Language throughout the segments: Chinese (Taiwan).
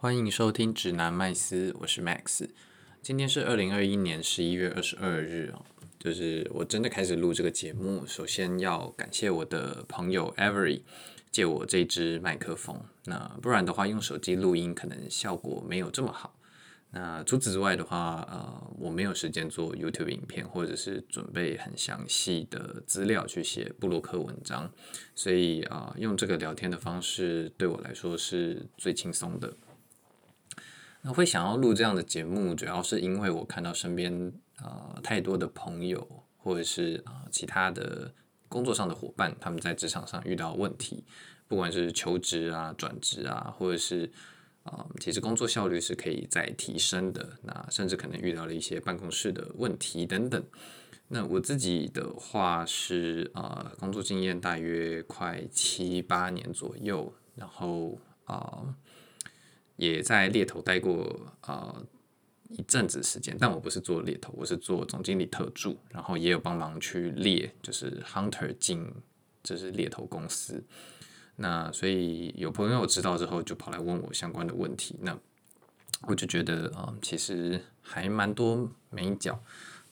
歡迎收聽職男麥斯，我是 Max。今天是二零二一年十一月二十二日哦。就是我真的開始錄這個節目，首先要感謝我的朋友 Avery 借我這支麥克風，那不然的話用手機錄音可能效果沒有這麼好。那除此之外的話，呃，我沒有時間做 YouTube 影片，或者是準備很詳細的資料去寫部落格文章，所以啊、呃，用這個聊天的方式對我來說是最輕鬆的。那會想要錄這樣的節目，主要是因為我看到身邊啊、呃、太多的朋友，或者是啊、呃、其他的工作上的夥伴，他們在職場上遇到問題，不管是求職啊、轉職啊，或者是啊、呃、其實工作效率是可以再提升的。那甚至可能遇到了一些辦公室的問題等等。那我自己的話是啊、呃，工作經驗大約快七八年左右，然後啊、呃也在獵頭待過啊、呃、一陣子時間，但我不是做獵頭，我是做總經理特助，然後也有幫忙去獵，就是 hunter 進，就是獵頭公司。那所以有朋友知道之後，就跑來問我相關的問題。那我就覺得啊、呃，其實還蠻多眉角，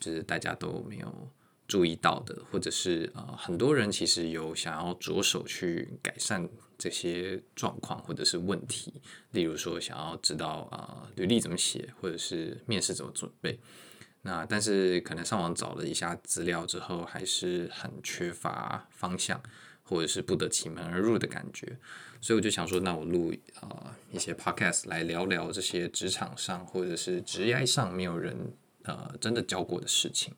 就是大家都沒有。注意到的，或者是呃，很多人其實有想要着手去改善這些狀況或者是問題，例如說想要知道啊、呃，履歷怎麼寫，或者是面試怎麼準備。那但是可能上網找了一下資料之後，還是很缺乏方向，或者是不得其門而入的感覺。所以我就想說，那我錄啊、呃、一些 podcast 來聊聊這些職場上或者是職業上沒有人呃真的教過的事情。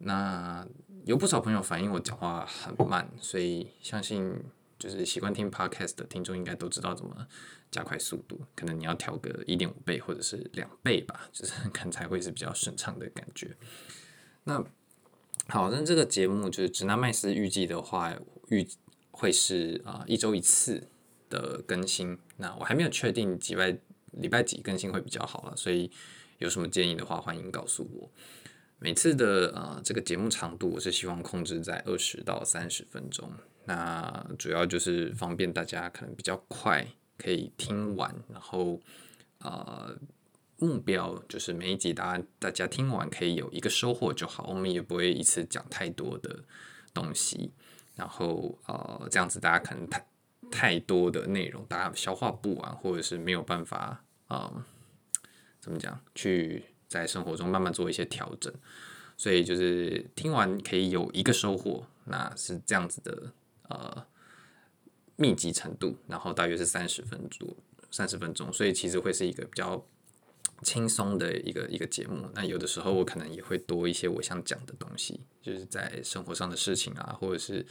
那有不少朋友反映我講話很慢，所以相信就是習慣聽 podcast 的聽眾應該都知道怎麼加快速度，可能你要調個一點五倍或者是兩倍吧，就是可能才會是比較順暢的感覺。那好，那這個節目就是職男麥斯預計的話，我預會是啊、呃、一週一次的更新。那我還沒有確定幾外禮拜幾更新會比較好了，所以有什麼建議的話，歡迎告訴我。每次的呃這個節目長度，我是希望控制在二十到三十分鐘。那主要就是方便大家可能比較快可以聽完，然後啊、呃、目標就是每一集大家大家聽完可以有一個收穫就好。我們也不會一次講太多的東西，然後呃這樣子大家可能太太多的內容大家消化不完，或者是沒有辦法啊、呃、怎麼講去。在生活中慢慢做一些調整，所以就是聽完可以有一個收穫，那是這樣子的。呃，密集程度，然後大約是三十分鐘，三十分鐘，所以其實會是一個比較輕鬆的一個一個節目。那有的時候我可能也會多一些我想講的東西，就是在生活上的事情啊，或者是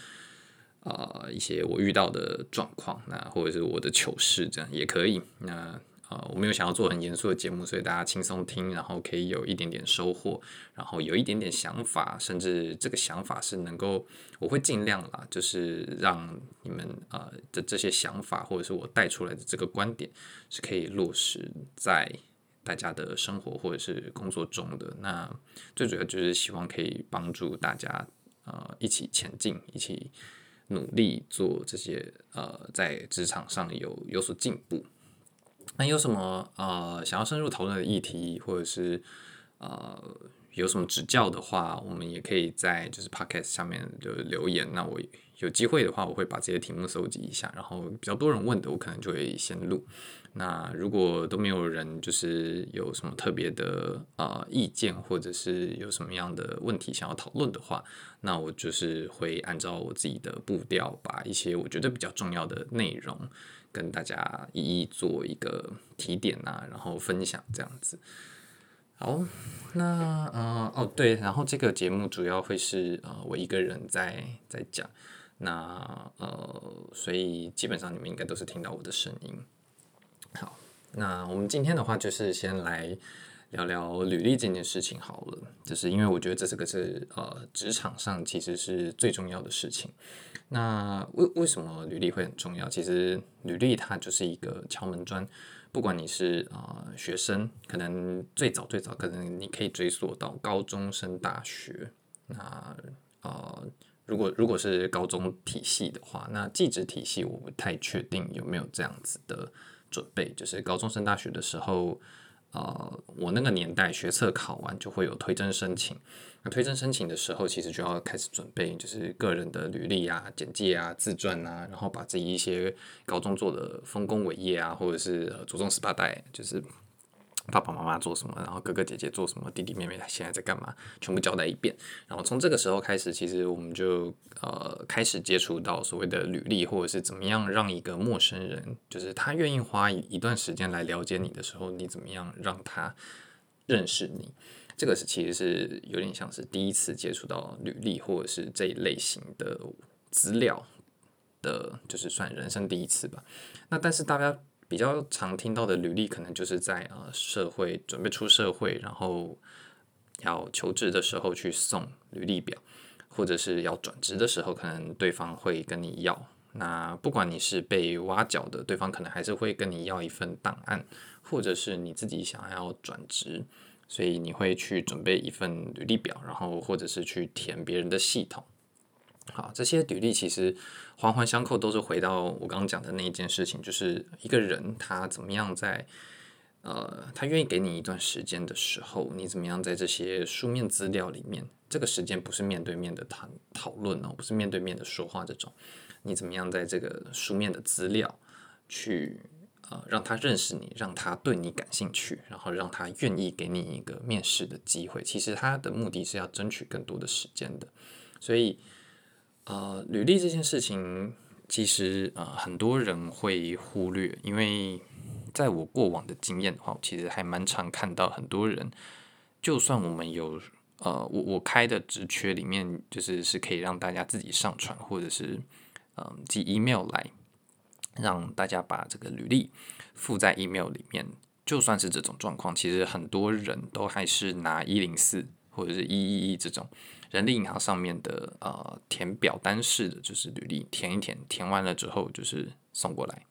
啊，呃，一些我遇到的狀況，那或者是我的糗事，這樣也可以。那呃，我沒有想要做很嚴肅的節目，所以大家輕鬆聽，然後可以有一點點收穫，然後有一點點想法，甚至這個想法是能夠，我會盡量啦，就是讓你們啊、呃、的這些想法，或者是我帶出來的這個觀點，是可以落實在大家的生活或者是工作中的。那最主要就是希望可以幫助大家，呃，一起前進，一起努力做這些，呃，在職場上有有所進步。那有什麼啊、呃，想要深入討論的議題，或者是啊、呃，有什麼指教的話，我們也可以在就是 Podcast 下面就留言。那我有機會的話，我會把這些題目收集一下，然後比較多人問的，我可能就會先錄。那如果都沒有人就是有什麼特別的啊、呃、意見，或者是有什麼樣的問題想要討論的話，那我就是會按照我自己的步調，把一些我覺得比較重要的內容跟大家一一做一個提點啊，然後分享這樣子。好，那嗯、呃，哦對，然後這個節目主要會是呃我一個人在在講，那呃，所以基本上你們應該都是聽到我的聲音。好，那我們今天的話就是先來聊聊履歷這件事情好了，就是因為我覺得這是個是呃職場上其實是最重要的事情。那為為什麼履歷會很重要？其實履歷它就是一個敲門磚，不管你是啊、呃、學生，可能最早最早，可能你可以追溯到高中升大學。那呃，如果如果是高中體系的話，那技職體系我不太確定有沒有這樣子的準備，就是高中升大學的時候。呃，我那個年代學測考完就會有推甄申請，那推甄申請的時候，其實就要開始準備，就是個人的履歷啊、簡介啊、自傳啊，然後把自己一些高中做的豐功偉業啊，或者是祖宗十八代，就是。爸爸媽媽做什麼，然後哥哥姐姐做什麼，弟弟妹妹現在在幹嘛，全部交代一遍。然後從這個時候開始，其實我們就呃開始接觸到所謂的履歷，或者是怎麼樣讓一個陌生人，就是他願意花一段時間來了解你的時候，你怎麼樣讓他認識你。這個是其實是有點像是第一次接觸到履歷，或者是這一類型的資料的，就是算人生第一次吧。那但是大家。比較常聽到的履歷，可能就是在啊、呃、社會準備出社會，然後要求職的時候去送履歷表，或者是要轉職的時候，可能對方會跟你要。那不管你是被挖角的，對方可能還是會跟你要一份檔案，或者是你自己想要轉職，所以你會去準備一份履歷表，然後或者是去填別人的系統。好、啊，這些履歷其實環環相扣，都是回到我剛剛講的那一件事情，就是一個人他怎麼樣在，呃，他願意給你一段時間的時候，你怎麼樣在這些書面資料裡面，這個時間不是面對面的談討論哦，不是面對面的說話這種，你怎麼樣在這個書面的資料去，呃，讓他認識你，讓他對你感興趣，然後讓他願意給你一個面試的機會，其實他的目的是要爭取更多的時間的，所以。呃，履歷這件事情，其實呃很多人會忽略，因為在我過往的經驗的話，我其實還蠻常看到很多人，就算我們有呃我我開的職缺裡面，就是是可以讓大家自己上傳，或者是嗯、呃、寄 email 來，讓大家把這個履歷附在 email 裡面，就算是這種狀況，其實很多人都還是拿一零四或者是一一一這種。人力銀行上面的呃填表單式的，就是履歷填一填，填完了之後就是送過來，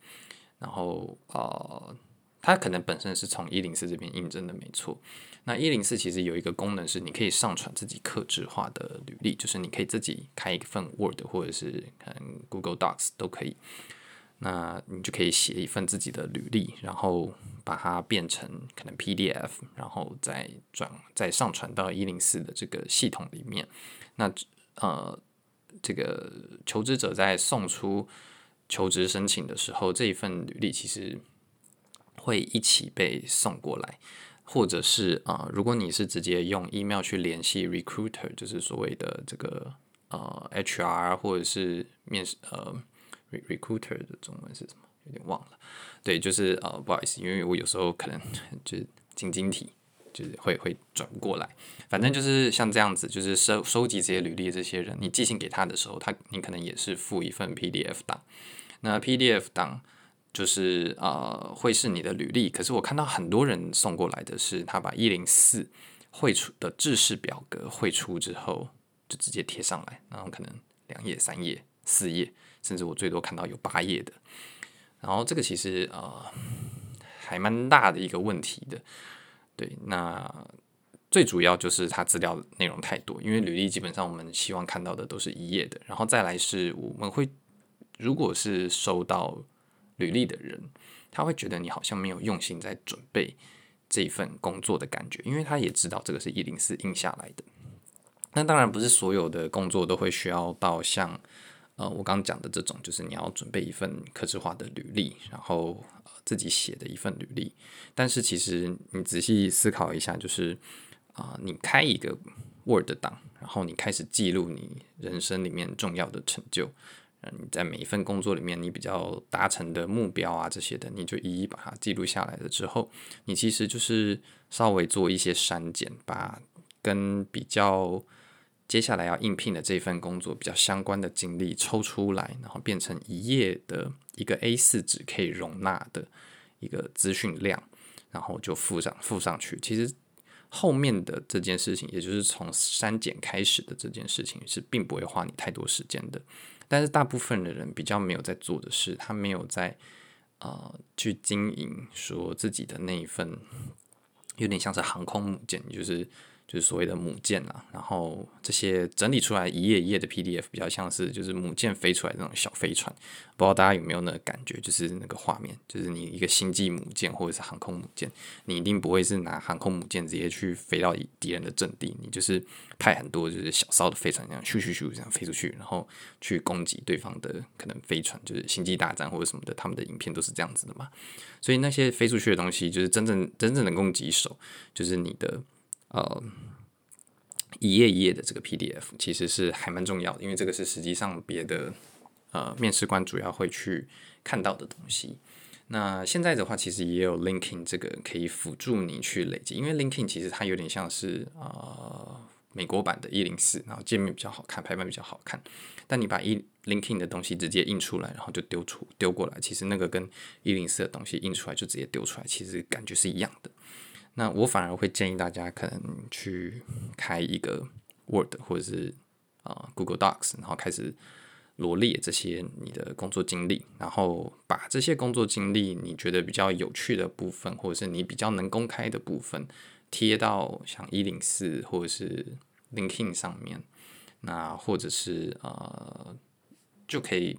然後呃，它可能本身是從一零四這邊應徵的沒錯。那一零四其實有一個功能是你可以上傳自己客製化的履歷，就是你可以自己開一份 Word 或者是可能 Google Docs 都可以。那你就可以寫一份自己的履歷，然後把它變成可能 PDF，然後再轉再上傳到一零四的這個系統裡面。那呃，這個求職者在送出求職申請的時候，這一份履歷其實會一起被送過來，或者是啊、呃，如果你是直接用 email 去聯繫 recruiter，就是所謂的這個呃 HR 或者是面試呃。recruiter 的中文是什麼？有點忘了。對，就是呃、哦，不好意思，因為我有時候可能就是晶晶體，就是會會轉過來。反正就是像這樣子，就是收收集這些履歷，這些人你寄信給他的時候，他你可能也是附一份 PDF 檔。那 PDF 檔就是呃，會是你的履歷。可是我看到很多人送過來的是，他把一零四匯出的制式表格匯出之後，就直接貼上來，然後可能兩頁、三頁、四頁。甚至我最多看到有八頁的，然後這個其實呃還蠻大的一個問題的，對，那最主要就是他資料內容太多，因為履歷基本上我們希望看到的都是一頁的，然後再來是我們會如果是收到履歷的人，他會覺得你好像沒有用心在準備這份工作的感覺，因為他也知道這個是一零四印下來的，那當然不是所有的工作都會需要到像。呃，我剛講的這種，就是你要準備一份客製化的履歷，然後、呃、自己寫的一份履歷。但是其實你仔細思考一下，就是啊、呃，你開一個 Word 檔，然後你開始記錄你人生裡面重要的成就，嗯，你在每一份工作裡面你比較達成的目標啊這些的，你就一一把它記錄下來了之後，你其實就是稍微做一些刪減，把跟比較。接下來要應聘的這份工作比較相關的經歷抽出來，然後變成一頁的一個 A4 紙可以容納的一個資訊量，然後就附上附上去。其實後面的這件事情，也就是從刪減開始的這件事情，是並不會花你太多時間的。但是大部分的人比較沒有在做的事，他沒有在啊、呃、去經營，說自己的那一份有點像是航空母艦，就是。就是所謂的母艦啦、啊，然後這些整理出來一頁一頁的 PDF，比較像是就是母艦飛出來的那種小飛船，不知道大家有沒有那個感覺？就是那個畫面，就是你一個星際母艦或者是航空母艦，你一定不會是拿航空母艦直接去飛到敵人的陣地，你就是派很多就是小艘的飛船，這樣咻咻咻這樣飛出去，然後去攻擊對方的可能飛船，就是星際大戰或者什麼的，他們的影片都是這樣子的嘛。所以那些飛出去的東西，就是真正真正能攻擊手，就是你的。呃，一頁一頁的這個 PDF 其實是還蠻重要的，因為這個是實際上別的呃面試官主要會去看到的東西。那現在的話，其實也有 LinkedIn 這個可以輔助你去累積，因為 LinkedIn 其實它有點像是啊、呃、美國版的一零四，然後界面比較好看，排版比較好看。但你把一、e、LinkedIn 的東西直接印出來，然後就丟出丟過來，其實那個跟一零四的東西印出來就直接丟出來，其實感覺是一樣的。那我反而會建議大家，可能去開一個 Word 或者是啊、呃、Google Docs，然後開始羅列這些你的工作經歷，然後把這些工作經歷你覺得比較有趣的部分，或者是你比較能公開的部分，貼到像一零四或者是 LinkedIn 上面，那或者是呃就可以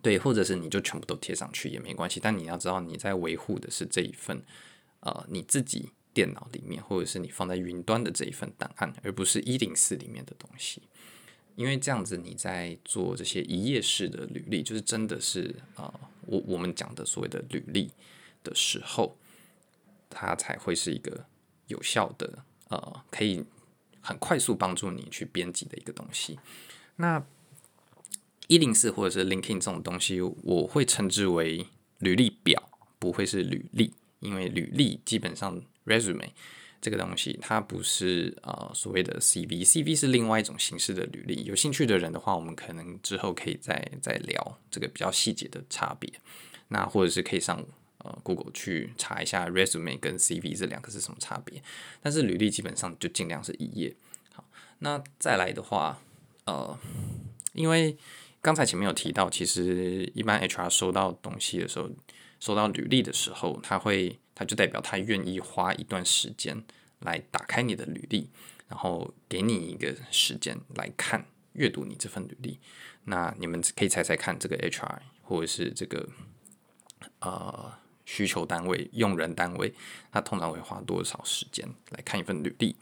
對，或者是你就全部都貼上去也沒關係，但你要知道你在維護的是這一份。呃，你自己電腦裡面，或者是你放在雲端的這一份檔案，而不是一零四裡面的東西，因為這樣子你在做這些一頁式的履歷，就是真的是啊、呃，我我們講的所謂的履歷的時候，它才會是一個有效的，呃，可以很快速幫助你去編輯的一個東西。那一零四或者是 LinkedIn 這種東西，我會稱之為履歷表，不會是履歷。因為履歷基本上 resume 這個東西，它不是呃所謂的 CV，CV 是另外一種形式的履歷。有興趣的人的話，我們可能之後可以再再聊這個比較細節的差別。那或者是可以上呃 Google 去查一下 resume 跟 CV 這兩個是什麼差別。但是履歷基本上就盡量是一頁。好，那再來的話，呃，因為剛才前面有提到，其實一般 HR 收到東西的時候。收到履歷的時候，他會，他就代表他願意花一段時間來打開你的履歷，然後給你一個時間來看，閱讀你這份履歷。那你們可以猜猜看，這個 HR 或者是這個呃需求單位、用人單位，他通常會花多少時間來看一份履歷？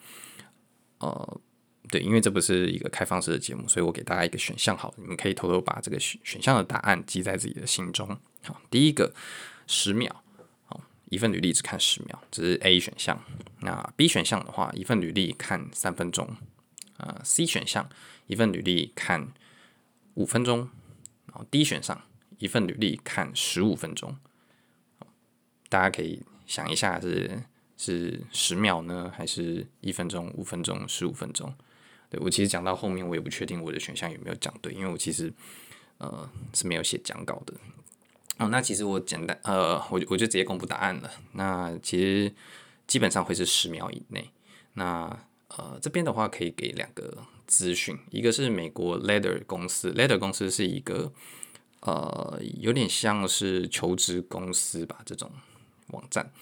呃。對，因為這不是一個開放式的節目，所以我給大家一個選項，好，你們可以偷偷把這個選選項的答案記在自己的心中。好，第一個十秒，好，一份履歷只看十秒，這是 A 選項。那 B 選項的話，一份履歷看三分鐘，呃，C 選項一份履歷看五分鐘，然後 D 選項一份履歷看十五分鐘。大家可以想一下是，是是十秒呢，還是一分鐘、五分鐘、十五分鐘？我其實講到後面，我也不確定我的選項有沒有講對，因為我其實呃是沒有寫講稿的。哦，那其實我簡單呃，我我就直接公布答案了。那其實基本上會是十秒以內。那呃這邊的話可以給兩個資訊，一個是美國 Letter 公司，Letter 公司是一個呃有點像是求職公司吧，這種網站。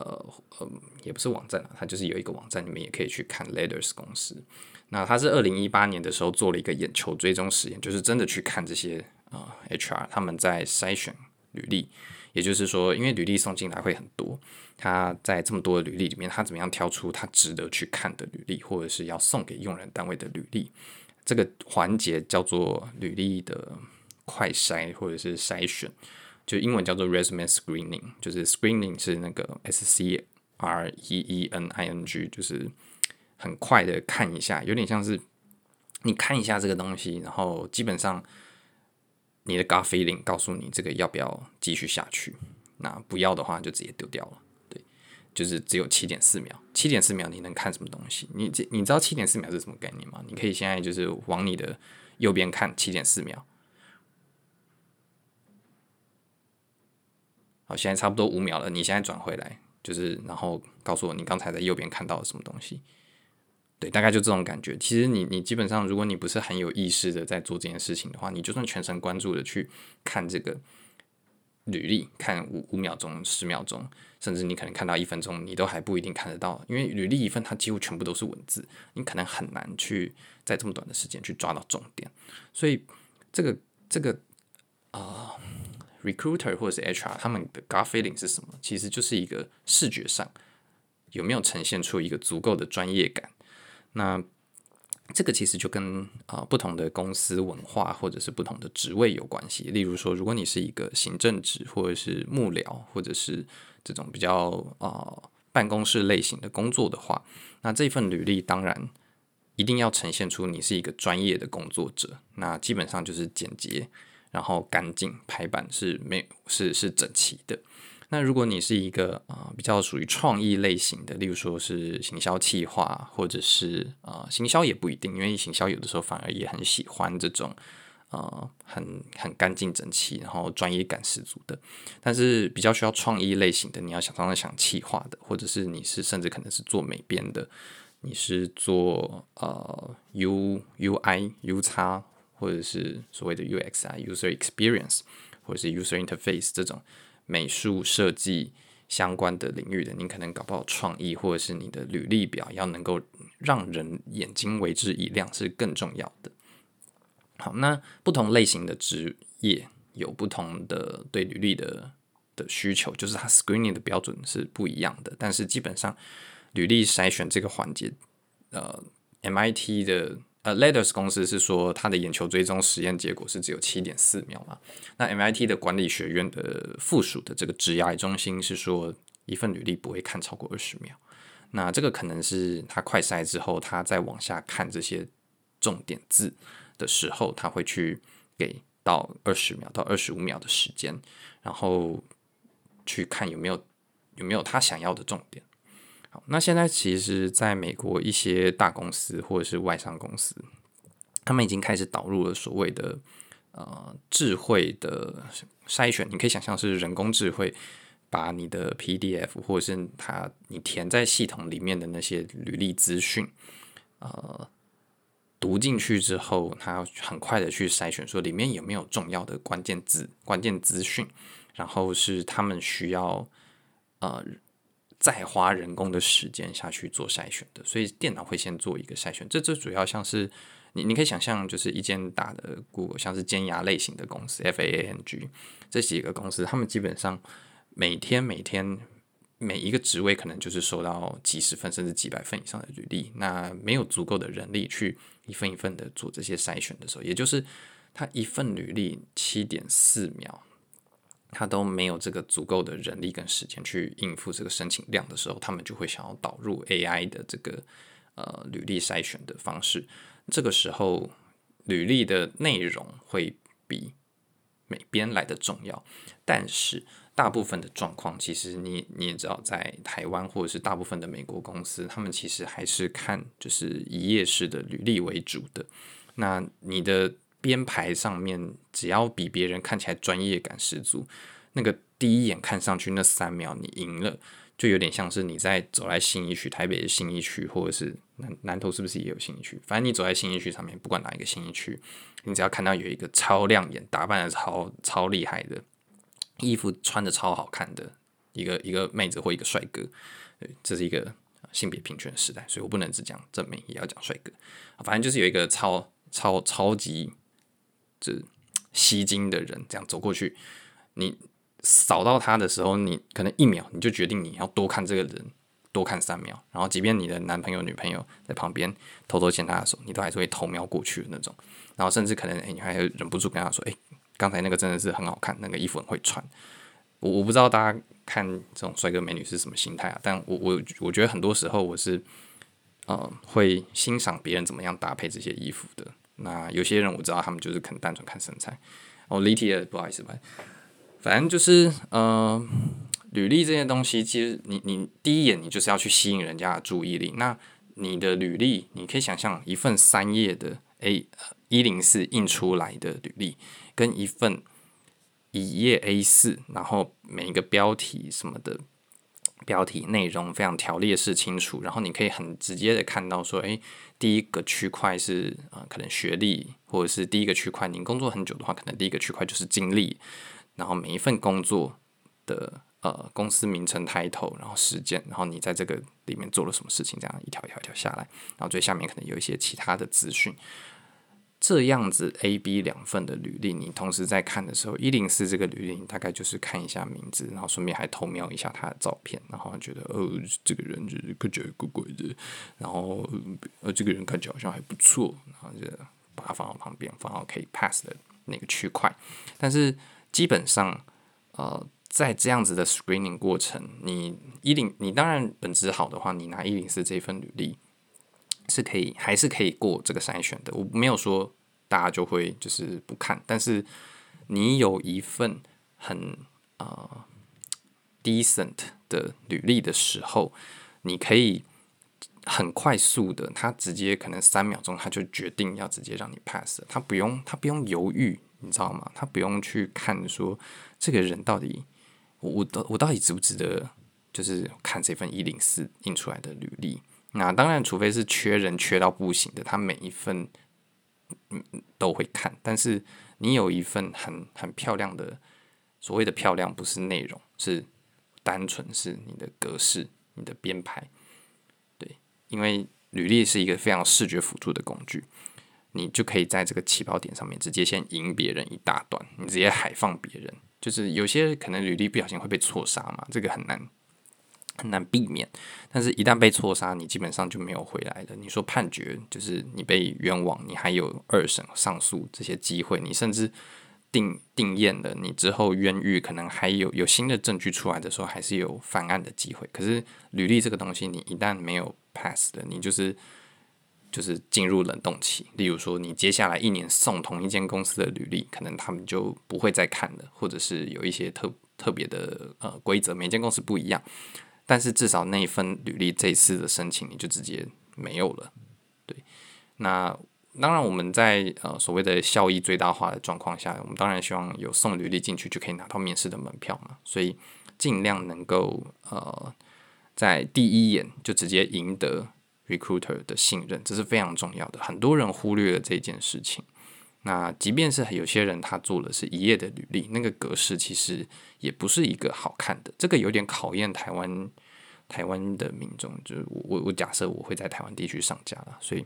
呃呃，也不是網站了，它就是有一個網站，你們也可以去看 Ladders 公司。那它是二零一八年的時候做了一個眼球追蹤實驗，就是真的去看這些啊、呃、HR 他們在篩選履歷，也就是說，因為履歷送進來會很多，他在這麼多的履歷裡面，他怎麼樣挑出他值得去看的履歷，或者是要送給用人單位的履歷，這個環節叫做履歷的快篩或者是篩選。就英文叫做 resume screening，就是 screening 是那個 s c r e e n i n g，就是很快的看一下，有點像是你看一下這個東西，然後基本上你的 gut feeling 告訴你這個要不要繼續下去，那不要的話就直接丟掉了。對，就是只有七點四秒，七點四秒你能看什麼東西？你這你知道七點四秒是什麼概念嗎？你可以現在就是往你的右邊看七點四秒。好，現在差不多五秒了。你現在轉回來，就是然後告訴我你剛才在右邊看到了什麼東西？對，大概就這種感覺。其實你你基本上，如果你不是很有意識的在做這件事情的話，你就算全神貫注的去看這個履歷，看五五秒鐘、十秒鐘，甚至你可能看到一分鐘，你都還不一定看得到，因為履歷一份它幾乎全部都是文字，你可能很難去在這麼短的時間去抓到重點。所以這個這個啊。呃 Recruiter 或者是 HR 他們的 gut feeling 是什麼？其實就是一個視覺上有沒有呈現出一個足夠的專業感。那這個其實就跟啊、呃、不同的公司文化或者是不同的職位有關係。例如說，如果你是一個行政職或者是幕僚或者是這種比較啊、呃、辦公室類型的工作的話，那這份履歷當然一定要呈現出你是一個專業的工作者。那基本上就是簡潔。然後乾淨，排版是沒是是整齊的。那如果你是一個啊、呃、比較屬於創意類型的，例如說是行銷企劃，或者是啊、呃、行銷也不一定，因為行銷有的時候反而也很喜歡這種啊、呃、很很乾淨整齊，然後專業感十足的。但是比較需要創意類型的，你要想當然想企劃的，或者是你是甚至可能是做美編的，你是做呃 U、UI、UX，或者是所謂的 UX 啊、User Experience，或者是 User Interface 這種美術設計相關的領域的，你可能搞不好創意，或者是你的履歷表要能夠讓人眼睛為之一亮是更重要的。好，那不同類型的職業有不同的對履歷的的需求，就是它 Screening 的標準是不一樣的。但是基本上履歷篩選這個環節，呃，MIT 的。Ladders 公司是說，他的眼球追蹤實驗結果是只有七點四秒嘛？那 MIT 的管理學院的附屬的這個職涯中心是說，一份履歷不會看超過二十秒。那這個可能是他快篩之後，他再往下看這些重點字的時候，他會去給到二十秒到二十五秒的時間，然後去看有沒有有沒有他想要的重點。好，那現在其實，在美國一些大公司或者是外商公司，他們已經開始導入了所謂的呃智慧的篩選。你可以想象是人工智慧把你的 PDF 或者是它你填在系統裡面的那些履歷資訊，呃，讀進去之後，它很快的去篩選，說裡面有沒有重要的關鍵字、關鍵資訊，然後是他們需要呃。再花人工的時間下去做篩選的，所以電腦會先做一個篩選。這這主要像是你你可以想象，就是一間大的 Google，像是尖牙類型的公司，FAANG 這幾個公司，他們基本上每天每天每一個職位，可能就是收到幾十份甚至幾百份以上的履歷，那沒有足夠的人力去一份一份的做這些篩選的時候，也就是他一份履歷七點四秒。他都沒有這個足夠的人力跟時間去應付這個申請量的時候，他們就會想要導入 AI 的這個呃履歷篩選的方式。這個時候，履歷的內容會比美編來的重要。但是，大部分的狀況，其實你你也知道，在台灣或者是大部分的美國公司，他們其實還是看就是一頁式的履歷為主的。那你的。編排上面只要比別人看起來專業感十足，那個第一眼看上去那三秒你贏了，就有點像是你在走在信義區，台北的信義區，或者是南，南投是不是也有信義區？反正你走在信義區上面，不管哪一個信義區，你只要看到有一個超亮眼、打扮得超超厲害的，衣服穿得超好看的一個一個妹子或一個帥哥，這是一個性別平權的時代，所以我不能只講正面，也要講帥哥。反正就是有一個超超超級。就吸睛的人這樣走過去，你掃到他的時候，你可能一秒你就決定你要多看這個人，多看三秒，然後即便你的男朋友女朋友在旁邊偷偷牽他的手，你都還是會偷瞄過去的那種。然後甚至可能，欸，你還忍不住跟他說：“哎，欸，剛才那個真的是很好看，那個衣服很會穿。”我我我不知道大家看這種帥哥美女是什麼心態啊？但我我我覺得很多時候我是呃會欣賞別人怎麼樣搭配這些衣服的。那有些人我知道，他們就是很單純看身材。哦、oh，立體的，不好意思，反正就是嗯、呃、履歷這些東西，其實你你第一眼你就是要去吸引人家的注意力。那你的履歷，你可以想象一份三頁的 A 一零四印出來的履歷，跟一份一頁 A 四，然後每一個標題什麼的，標題內容非常條列式清楚，然後你可以很直接的看到說，誒、欸，第一個區塊是呃可能學歷，或者是第一個區塊，你工作很久的話，可能第一個區塊就是經歷，然後每一份工作的呃公司名稱、抬頭，然後時間，然後你在這個裡面做了什麼事情，這樣一條一條一條下來，然後最下面可能有一些其他的資訊。這樣子 A、B 兩份的履歷，你同時在看的時候，一零四這個履歷，你大概就是看一下名字，然後順便還偷瞄一下他的照片，然後覺得哦、呃，這個人就是感覺怪怪的，然後呃，這個人看起來好像還不錯，然後就把它放到旁邊，放到可以 pass 的那個區塊。但是基本上，呃，在這樣子的 screening 過程，你一零你當然本質好的話，你拿一零四這份履歷。是可以，還是可以過這個篩選的。我沒有說大家就會就是不看，但是你有一份很呃 decent 的履歷的時候，你可以很快速的，他直接可能三秒鐘他就決定要直接讓你 pass 了，他不用他不用猶豫，你知道嗎？他不用去看說這個人到底，我我我到底值不值得，就是看這份一零四印出來的履歷。那當然，除非是缺人缺到不行的，他每一份、嗯、都會看。但是你有一份很很漂亮的，所謂的漂亮不是內容，是單純是你的格式、你的編排。對，因為履歷是一個非常視覺輔助的工具，你就可以在這個起跑點上面直接先贏別人一大段，你直接海放別人。就是有些可能履歷不小心會被錯殺嘛，這個很難。很難避免，但是一旦被錯殺，你基本上就沒有回來了。你說判決就是你被冤枉，你還有二審上訴這些機會，你甚至定定讞了，你之後冤獄可能還有有新的證據出來的時候，還是有翻案的機會。可是履歷這個東西，你一旦沒有 pass 的，你就是就是進入冷凍期。例如說，你接下來一年送同一間公司的履歷，可能他們就不會再看了，或者是有一些特特別的呃規則，每間公司不一樣。但是至少那一份履歷，這一次的申請你就直接沒有了，對。那當然我們在呃所謂的效益最大化的狀況下，我們當然希望有送履歷進去就可以拿到面試的門票嘛，所以盡量能夠呃在第一眼就直接贏得 recruiter 的信任，這是非常重要的。很多人忽略了這件事情。那即便是有些人他做的是一頁的履歷，那個格式其實也不是一個好看的。這個有點考驗台灣台灣的民眾，就是我我假設我會在台灣地區上架了，所以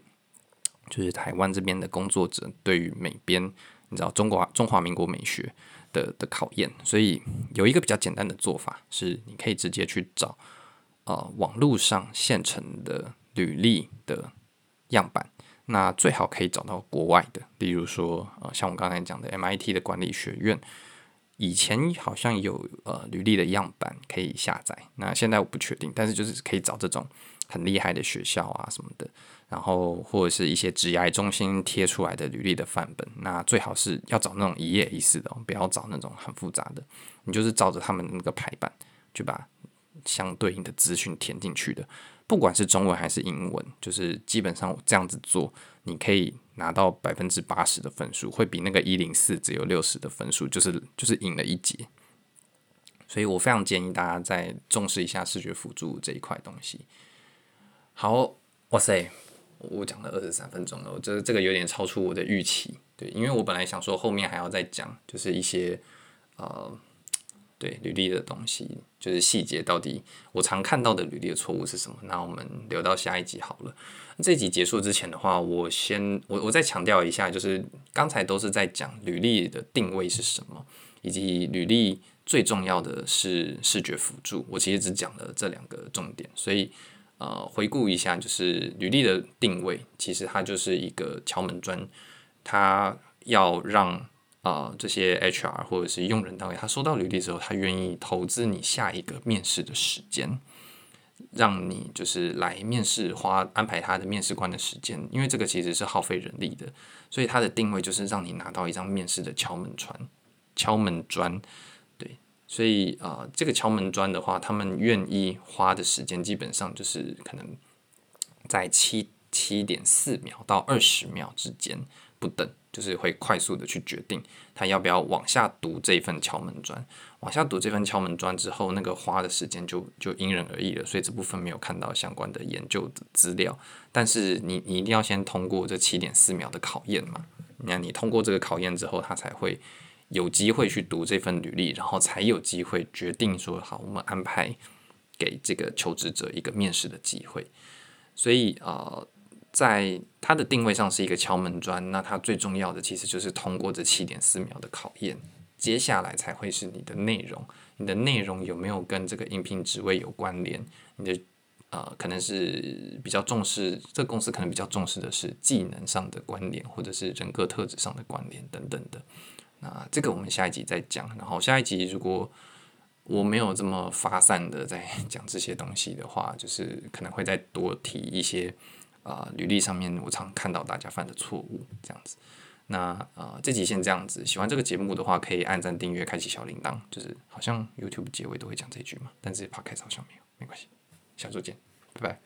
就是台灣這邊的工作者對於美編，你知道中華、中華民國美學的的考驗，所以有一個比較簡單的做法是，你可以直接去找呃網路上現成的履歷的樣板。那最好可以找到國外的，例如說，呃，像我剛才講的 MIT 的管理學院，以前好像有呃履歷的樣板可以下載。那現在我不確定，但是就是可以找這種很厲害的學校啊什麼的，然後或者是一些職業中心貼出來的履歷的範本。那最好是要找那種一頁一式的，不要找那種很複雜的。你就是照着他們那個排版，就把相對應的資訊填進去的。不管是中文還是英文，就是基本上我這樣子做，你可以拿到百分之八十的分數，會比那個一零四只有六十的分數，就是就是贏了一截。所以我非常建議大家再重視一下視覺輔助這一塊東西。好，哇塞，我講了二十三分鐘了，我覺得這個有點超出我的預期。對，因為我本來想說後面還要再講，就是一些，呃。對，履歷的東西就是細節，到底我常看到的履歷的錯誤是什麼？那我們留到下一集好了。這集結束之前的話，我先我我再強調一下，就是剛才都是在講履歷的定位是什麼，以及履歷最重要的是視覺輔助。我其實只講了這兩個重點，所以呃，回顧一下，就是履歷的定位，其實它就是一個敲門磚，它要讓。啊、呃，這些 HR 或者是用人單位，他收到履歷之後，他願意投資你下一個面試的時間，讓你就是來面試，花安排他的面試官的時間，因為這個其實是耗費人力的，所以他的定位就是讓你拿到一張面試的敲門磚，敲門磚，對，所以啊、呃，這個敲門磚的話，他們願意花的時間基本上就是可能在七七點四秒到二十秒之間不等，就是會快速的去決定他要不要往下讀這份敲門磚，往下讀這份敲門磚之後，那個花的時間就就因人而異了。所以這部分沒有看到相關的研究的資料，但是你你一定要先通過這七點四秒的考驗嘛。你看你通過這個考驗之後，他才會有機會去讀這份履歷，然後才有機會決定說好，我們安排給這個求職者一個面試的機會。所以啊、呃，在它的定位上是一個敲門磚，那它最重要的其實就是通過這七點四秒的考驗，接下來才會是你的內容，你的內容有沒有跟這個應聘職位有關聯？你的呃，可能是比較重視，這個公司可能比較重視的是技能上的關聯，或者是人格特質上的關聯等等的。那這個我們下一集再講。然後下一集如果我沒有這麼發散的在講這些東西的話，就是可能會再多提一些。啊、呃，履歷上面我常看到大家犯的錯誤，這樣子。那啊、呃，這集先這樣子。喜歡這個節目的話，可以按讚、訂閱、開啟小鈴鐺。就是好像 YouTube 結尾都會講這一句嘛，但是 Podcast 好像沒有，沒關係。下周見，拜拜。